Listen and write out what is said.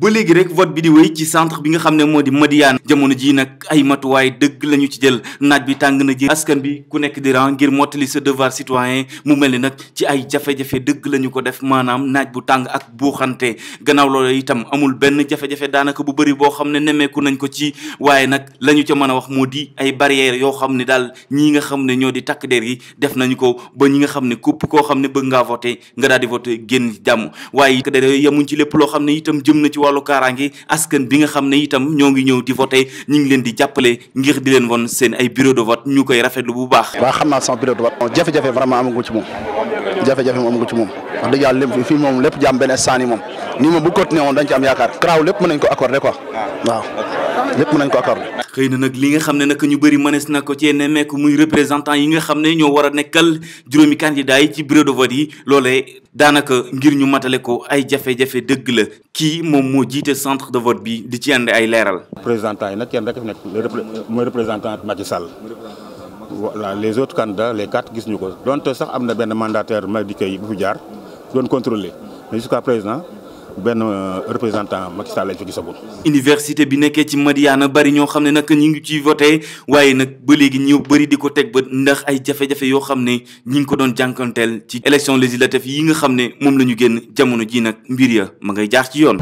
ba léegi rek vote bi di wéy ci centre bi nga xam ne moo di Madiane jamono ji nag ay matuwaay dëgg la ñu ci jël naaj bi tàng na ji askan bi ku nekk di ran ngir mottali sa devoir citoyen mu mel ni nag ci ay jafe-jafe dëgg la ñu ko def maanaam naaj bu tàng ak buuxante gannaaw loolu itam amul benn jafe-jafe daanaka bu bëri boo xam ne nemeeku nañ ko ci waaye nag la ñu ca mën a wax moo di ay barrières yoo xam ne daal ñii nga xam ne ñoo di takk der yi def nañu ko ba ñi nga xam ne képp koo xam ne bëgg ngaa voté nga daal di voté génn jàmm waaye lépp loo xam ne itam jëm na wàllu kaaraange askan bi nga xam ne itam ñoo ngi ñëw di voté ñu ngi leen di jàppale ngir di leen won seen ay bureau de vote ñu koy rafet rafetlu bu baax. waaw xam naa sama bureau de vote. jafe-jafe vraiment amagu ci moom jafe-jafe moom amagu ci moom wax dëgg yàlla lépp fii moom lépp jàmm benn instant yi moom nii moom bu continué woon dañ ci am yaakaar CRAW lépp mën nañ ko accordé quoi waaw lépp nañ ko accordé xëy na nag li nga xam ne nag ñu bëri mënees na ko cee nemmeek muy représentant yi nga xam ne ñoo war a nekkal juróomi candidat yi ci bureau de vote yi loole daanaka ngir ñu matale ko ay jafe-jafe dëgg la kii moom moo jiite centre de vote bi di ci ànd ay leeral. représentant yi nag kenn rek fi nekk mooy représentant Macky Sall. voilà les autres candidats les quatre gis ñu ko donte sax am na benn mandataire Madické yi bu fi jaar doon contrôler mais jusqu'à présent. benn euh, représentant Macky Sall lañ fa gisagul. université bi nekkee ci Madiana bari ñoo xam ne nag ñu ngi ci voté waaye nag ba léegi ñëw bëri di ko teg ba ndax ay jafe-jafe yoo xam ne ñi ngi ko doon jànkanteel ci élection législative yi nga xam ne moom la ñu génn jamono ji nag mbir ya ma ngay jaar ci yoon.